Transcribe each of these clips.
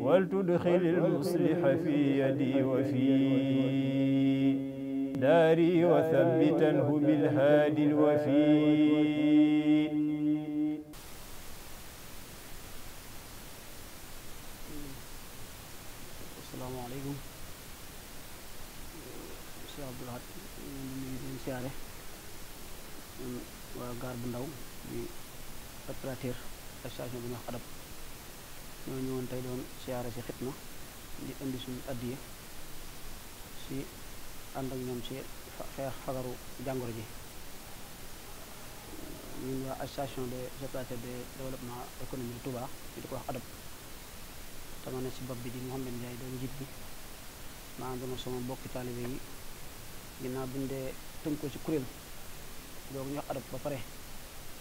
ولتدخل المصلح في يدي وفي داري وثبتنه بالهادي الوفي السلام عليكم سي عبد الحق نيو سياري wa gar bu ndaw di opérateur station bu ñu wax adab ñoo ñëwoon tey doon siyaara si xitma di indi suñu addiya si ànd ak ñoom si xeex fagaru jàngoro ji ñun waa association des opérateurs de développement économique de tubaa ñu di ko wax ADOP tama si bopp bi di xam Mouhamed Ndiaye doon njiit bi ma àndoon ak sama mbokki taalibe yi ginnaaw bi dee tënk ko ci kuréel doogu ñu wax ADOP ba pare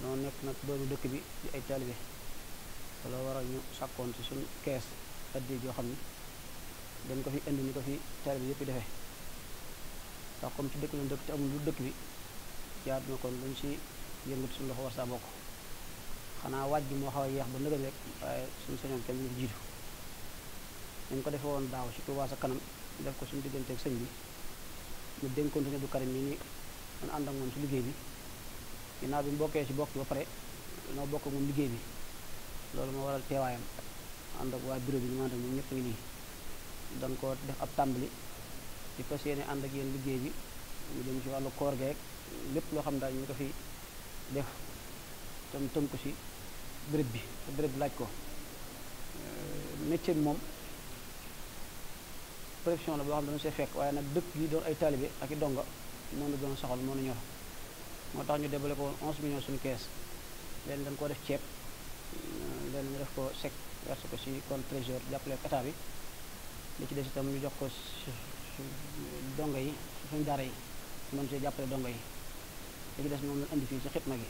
dañoo nekk nag doomu dëkk bi di ay taalibe loolu waral ñu sàkkoon ci suñu kees addi joo xam ne dañ ko fi indi ñu ko fi taalibe yëpp defee ndax comme ci dëkk lañ dëkk lu dëkk bi jaar na kon luñ ci yëngatu suñu loxo saa bokk xanaa waaj bi moo xaw yeex ba nëgal rek waaye suñu sañoon kenn dañ ko defe woon daaw ci Tuubaa sa kanam def ko suñu digganteeg sëñ bi ñu dénkoon du karim yi ni man ànd ak moom ci liggéey bi ginnaaw bi mu bokkee ci bokk ba pare noo bokk moom liggéey bi loolu moo waral teewaayam ànd ak waa bureau bi ñu ma ànd ak ñoom ñëpp ngi nii dañ ko def ab tàmbali di fas yéene ànd ak yéen liggéey bi ñu dem ci wàllu koor geek lépp loo xam daal ñu ko fi def tam tënku si bërëb bi te bi laaj ko euh, métier bi moom profession la boo xam ne dañu see fekk waaye nag dëkk yi doon ay taalibe ak i donga moo nu gën a moo nu ñor moo tax ñu débale ko woon 11 millions suñu kees leen dañ koo def ceeb euh, lenn ñu def ko sec verse ko ci compte trésor jàppale bi li ci des itam ñu jox ko dongo yi suñu daara yi mën see jàppale dongo yi li ci des moom lañ indi fii ci xitma gi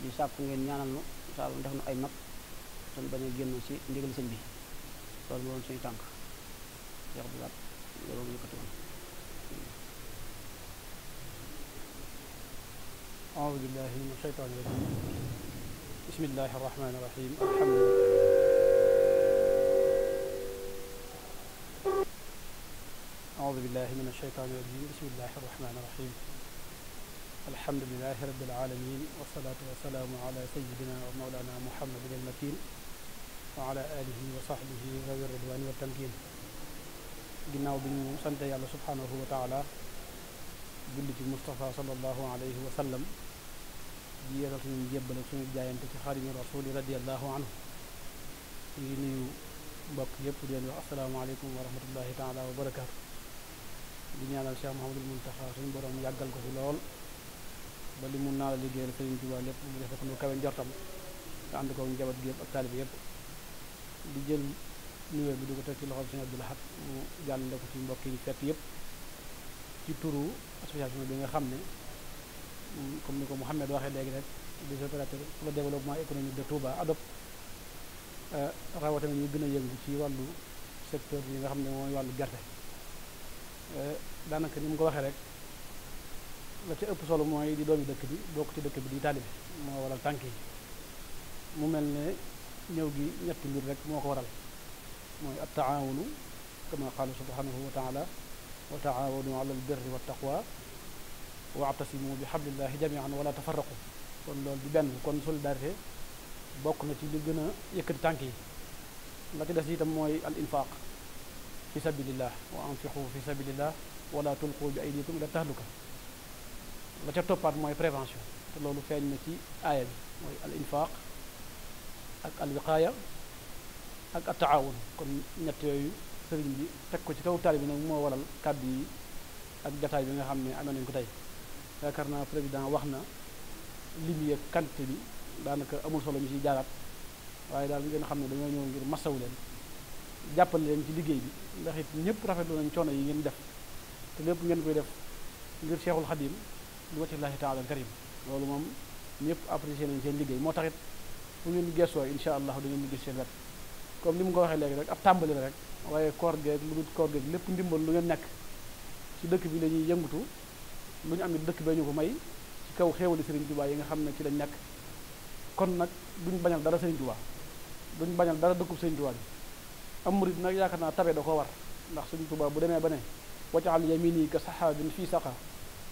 di sàkku ngeen ñaanal nu saa def nu ay mag suñ bañ génn ci ndigal sëñ bi loolu moom suñu tànk yox bu laat loolu moom yëkkati woon bismillahi irrahmani irrahim alhamdulilah aoudu billahi min alsheytaani irrajim bismillahi irrahmani irrahim alhamdulilahi rabbil alamin wasalaatu wasalaamu ala sayidina wa maulana muhammadin almakin wa ala alihi wa sahbihi zawi ridwani wa tamkin ginnaaw bi ñu sante yàlla subhanahu wa taala julli ci Mustafa sallallahu alayhi wa sallam di yeesal suñuy jébbal ak suñu jaayante ci xaadimu rasuuli radiyallahu anhu ñu ngi nuyu mbokk yëpp di leen wax asalaamaaleykum wa rahmatullahi taala wa barakaatu di ñaanal Cheikh Mouhamadul Muntaxa suñu borom yàggal ko fi lool ba li mun naa la liggéeyal Sëriñ Tuubaa lépp mu defe ko nu kawe njortam te ànd ko njaboot gi yëpp ak taalibe yëpp di jël nuyoo bi di ko teg ci loxol Sëriñ Abdul Ahad mu jàllale ko ci mbokk yi fett yëpp ci turu association bi nga xam ne comme ni ko Mouhamed waxee léegi rek des opérateurs pour le développement économique de Touba ADOP euh, rawatina ñu gën a yëngu ci wàllu secteur yi nga xam ne mooy wàllu gerte euh, daanaka ni mu ko waxee rek la ci ëpp solo mooy di doomi dëkk bi bokk ci dëkk bi di taalibe moo waral tànk yi mu mel ne ñëw gi ñetti mbir rek moo ko waral mooy at taawunu kama qaala subhanahu wa taala wa taawunu ala al birri wa taqwa wa'tasimu bi hablillahi jami'an wala tafarraqu kon loolu di benn kon solidarité bokk na ci li gën a yëkkati tànk yi la ci des itam mooy al infaq fi sabilillah wa anfiqu fi sabilillah wala tulqu bi aydikum ila tahluka la ca toppaat mooy prévention te loolu feeñ na ci aaya bi mooy al infaq ak al wiqaaya ak at kon ñett yooyu sëriñ bi teg ko ci kaw taali bi nag moo waral kàddu yi ak jataay bi nga xam ne amee nañu ko tey yaakaar naa président wax na lim yeeg quantité bi daanaka amul solo ñu ciy jaaraat waaye daal ngeen xam ne dañoo ñëw ngir masawu leen jàppale leen ci liggéey bi ndaxit it ñëpp rafetlu nañ coono yi ngeen def te lépp ngeen koy def ngir Cheikhul Khadim li wajhillahi taala al karim loolu moom ñëpp apprécié nañ seen liggéey moo tax it fu ngeen gëstoo incha allah da ngeen di gis seen wet comme ni mu ko waxee léegi rek ab tàmbali la rek waaye koor geeg lu dul lépp ndimbal lu ngeen nekk ci dëkk bi la ñuy lu ñu am it dëkk bee ñu ko may ci kaw xéewali Serigne Touba yi nga xam ne ci lañ nekk kon nag duñ bañal dara Serigne Touba duñ bañal dara dëkkub Serigne Touba bi am murid nag yaakaar naa tabe da ko war ndax Serigne Touba bu demee ba ne wajaal yamini ka saxaabin fii saqa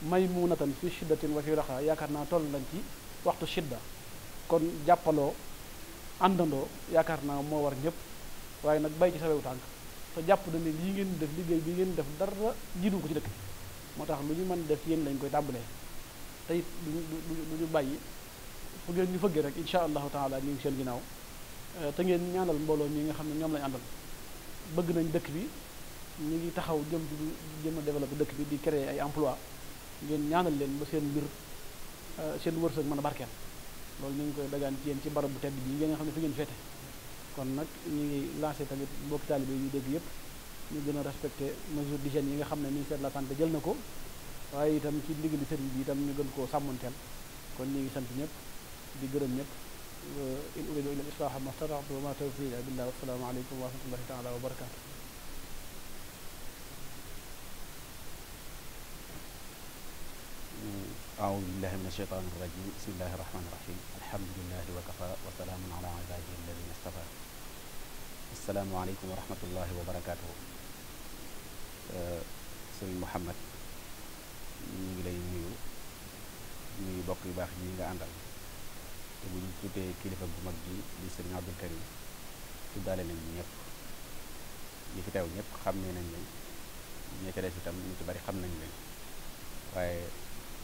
maymunatan fi shiddatin wa fi raxa yaakaar naa toll lañ ci waxtu shidda kon jàppaloo àndandoo yaakaar naa moo war ñëpp waaye nag bay ci sawewu tànk te jàpp na ne lii ngeen def liggéey bi ngeen def dara jiitu ko ci dëkk moo tax lu ñu man def yéen lañ koy tàmbalee te it ñu duñu bàyyi fu ngeen ñu fëggee rek incha allahu taala ñu ngi seen ginnaaw euh, te ngeen ñaanal mbooloo ñi nga xam ne ñoom lañ àndal bëgg nañ dëkk bi ñu ngi taxaw jëm di jëm a développé dëkk bi di créer ay emploi ngeen ñaanal leen ba seen mbir euh, seen wërsëg mën a barkeel loolu ñu ngi koy dagaan ci yéen ci barab bu tedd bi yi nga xam ne fi ngeen féete kon nag ñu ngi lancé tamit mbokki taalibe yi dégg yépp ñu gën a respecté mesure d'hygiène yi ga xam ne ministère de la santé jël na ko waaye tam ci ndigali sëriñ bi itam ñu gën koo sàmmanteel kon ñu ngi sant ñëpp di gërëm ñëpp euh, in uridu illa islaaha ma stataatu wa ma tawfiqi illa billah wassalaamu aleykum wa rahmatullahi taala wa barakaatu أعوذ بالله من الشيطان الرجيم بسم الله الرحمن الرحيم الحمد لله وكفى وسلام على عباده الذين اصطفى السلام عليكم ورحمة الله وبركاته sëriñ Mouhamad ñu ngi lay nuyu nuyu bokk yu baax yi nga àndal te buñ ñu tuddee kilifa bu mag bi di sëriñ Abdul Karim tuddaale nañ ñëpp ñi fi teew ñëpp xam ne nañ leen ñi ca des itam ñu ci bari xam nañ leen waaye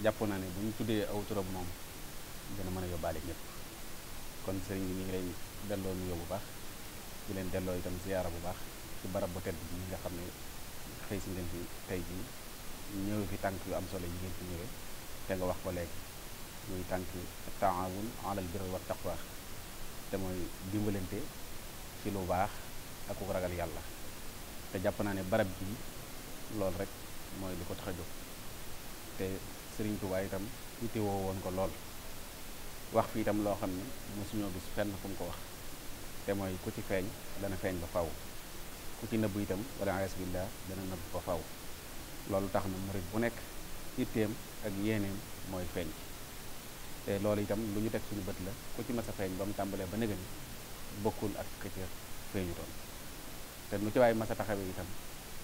jàpp naa ne bu ñu tuddee aw turam moom dina mën a yóbbaale ñëpp kon sëriñ bi ñu ngi lay delloo nuyoo bu baax di leen delloo itam ziyaara bu baax ci barab bu tedd bi nga xam ne xëy si ngeen fi tey jii ñëwee ki tànk yu am solo yi ngeen fi ñëwee te nga wax ko léegi muy tànk taawun alal birri wa taqwa te mooy dimbalante ci lu baax ak ku ragal yàlla te jàpp naa ne barab bii loolu rek mooy li ko tax a jóg te Sëriñ Tuubaa itam ite woo woon ko lool wax fi itam loo xam ne mosuñoo gis fenn fu ko wax te mooy ku ci feeñ dana feeñ ba faw ku ci nëbb itam wala asbillah dana nëbb ko faw loolu tax na murit bu nekk itteem ak yéeneem mooy feeñ te loolu itam lu ñu teg suñu bët la ku ci mas a feeñ ba mu tàmbalee ba nëgëni bokkul ak këcca feeñutoon te nu ci waay mas a taxawee itam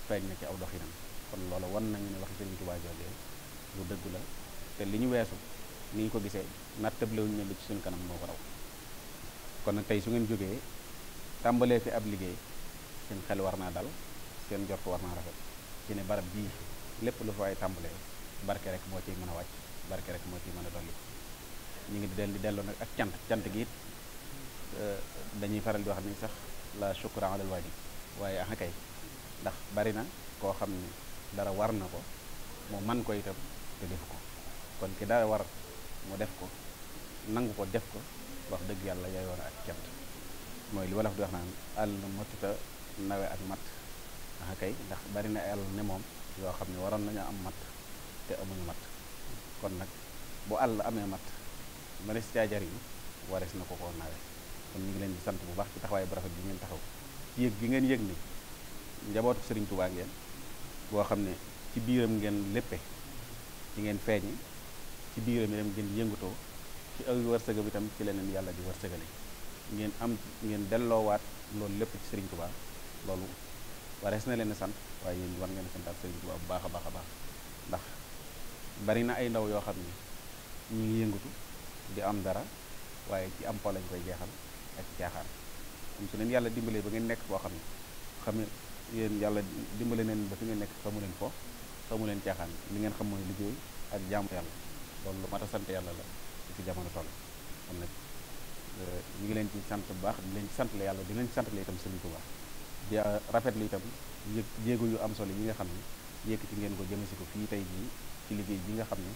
feeñ na ci aw doxinam kon loolu wan nañu ne waxi Sëriñ Tuubaa joojee lu dëggu la te li ñu weesu ni ñu ko gisee nattablewuñu ne lu ci seen kanam moo ko raw kon tey su ngeen jógee tàmbalee fi ab liggéey seen xel war naa dal seen jort war naa rafet ci ne barab bii lépp lu fa ay tàmbalee barke rek moo ciy mën a wàcc barke rek moo ciy mën a dolli ñu ngi del di delloo nag ak cant cant giit it euh, dañuy faral di wax ni sax la shukran alal waajib waaye ah kay ndax bari na koo xam ne dara war na ko mu man koy itam te def ko kon ki dara war mu def ko nangu ko def ko wax dëgg yàlla yaayoon ak cant mooy li wolof di wax naan àll motita nawe ak mat axa kay ndax bari na àll ne moom yoo xam ne waroon nañoo am mat te amuñu mat kon nag bu àll amee mat mënees caa jariñu warees na ko koo nawe kon ñu ngi leen di sant bu baax ci taxawaay bu rafet bi ngeen taxaw ci yëg bi ngeen yëg ni njabootu Sëriñ Tuubaa ngeen boo xam ne ci biiram ngeen léppe ci ngeen feeñi ci biiram itam ngeen yëngutoo ci aw wërsëgam itam ci leneen yàlla di wërsëgale ngeen am ngeen delloowaat loolu lépp ci Sëriñ Tuubaa loolu warees na leen sant waaye yéen war ngeen santaat Sëriñ Tuubaa bu baax a baax a baax ndax bari na ay ndaw yoo xam ne ñu ngi yëngatu di am dara waaye ci am po lañ koy jeexal ak ci caaxaan kon su leen yàlla dimbalee ba ngeen nekk foo xam ne xam yéen yàlla dimbale neen ba fi ngeen nekk xamu leen fo xamu leen caaxaan li ngeen xam mooy liggéey ak jaamu yàlla loolu lu mat a sant yàlla la ci jamono toll kon nag euh, ñu ngi leen ci sant bu baax di leen sant la yàlla di leen sant la itam Sëriñ Tuubaa rafet rafetlu itam yëg jéego yu am solo ñi nga xam ni ne ci ngeen ko si ko fii tey jii ci liggéey bi nga xam ni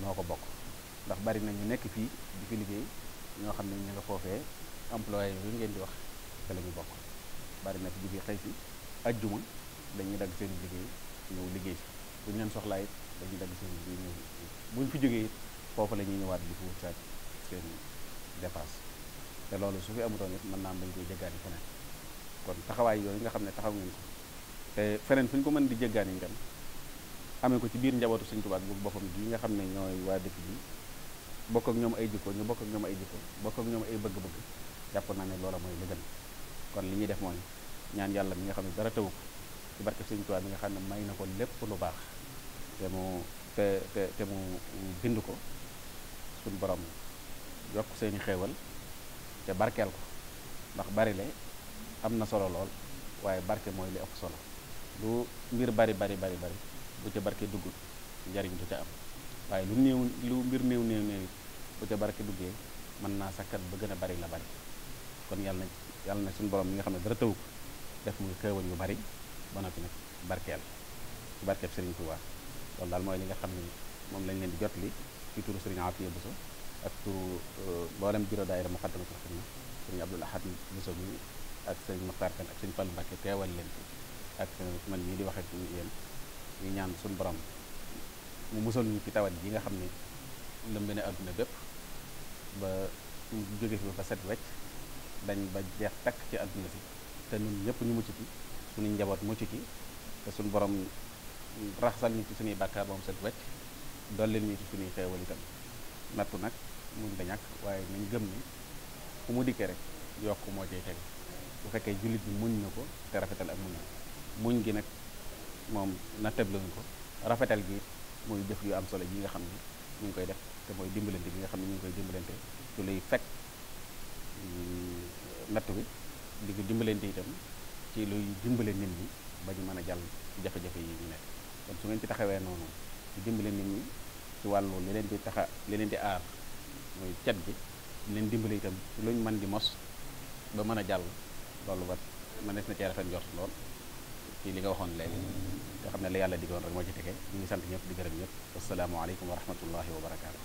ñoo ko bokk ndax bari na ñu nekk fii di fi liggéey ñoo xam ne ñu nga foofee employé yooyu ngeen di wax te la ñu bokk bari na fi jóge xëy si ajjuma dañuy dagg seen liggéey ñëw liggéey si leen soxlaa dañuy dagg seen liggéey buñ fi jógee it foofu la ñuy ñëwaat di fuur seen dépasse te loolu su fi amutoon it mën naa am dañ koy jéggaani feneen kon taxawaay yooyu nga xam ne taxaw ngeen ko te feneen fu ñu ko mën di jéggaan yi itam amee ko ci biir njabootu Sëñ Tuubaa bu boppam gi nga xam ne ñooy waa dëkk bi bokk ak ñoom ay jikko ñu bokk ak ñoom ay jikko bokk ak ñoom ay bëgg-bëgg jàpp naa ne loola mooy li gën kon li ñuy def mooy ñaan yàlla mi nga xam ne dara tawu ko ci barke Sëñ Tuubaa mi nga xam ne may na ko lépp lu baax te mu te te mu bind ko suñ borom yokk seeni xéewal te barkeel ko ndax bari le am na solo lool waaye barke mooy li ëpp solo lu mbir bari bari bari bari bu ca barke dugg njariñ du ca am waaye lu néew lu mbir néew néew néew bu ca barke duggee mën naa sakkat ba gën a bari la bari kon yàlla na yàlla na suñu borom mi nga xam ne dara tëw ko def muy xéewal yu bari ba noppi nag barkeel ci barkeeb Serigne Touba loolu daal mooy li nga xam ne moom lañ leen di jot li ci turu Serigne Afia Bousso ak turu euh, mboolem bureau daayira Moukhaddamatoul Khidma Serigne Abdoul Ahad Bousso mi ak sëñ Maxtaar Kan ak sëñ Fallu Mbàkke teewal leen fi ak man bii di wax ak yéen ñu ñaan suñ borom mu musal ñu ci tawat yi nga xam ne lëmb ne àdduna bépp ba jóge fi ba set wecc dañ ba jeex takk ci àdduna si te ñun ñëpp ñu mucc ci suñu njaboot mucc ci te suñ borom raxasal ñu ci suñuy bàkkaar moom set wecc dollil ñu ci suñuy xeewal itam nattu nag mun da ñàkk waaye nañ gëm ni fu mu dikkee rek yokk moo cay teg bu fekkee jullit bi muñ na ko te rafetal ak muñ muñ gi nag moom nattab lañu ko rafetal gi muy jëf yu am solo yi nga xam ni ñu ngi koy def te mooy dimbalante bi nga xam ne ñu koy dimbalante ci luy fekk mm, natt bi di ko dimbalante itam ci luy dimbale nit mi ba ñu mën a jàll ci jafe-jafe yi ñu nekk kon su ngeen ci taxawee noonu di dimbale nit ñi ci wàllu li leen di taxa li leen di aar muy cet gi leen dimbale itam ci luñ mën di mos ba mën a jàll loolu ba ma des na cee rafet njort lool ci li nga waxoon léegi nga xam ne la yàlla diggoon rek moo ci tege ñu ngi sant ñëpp di gërëm ñëpp asalaamaaleykum wa rahmatullahi wa barakaatu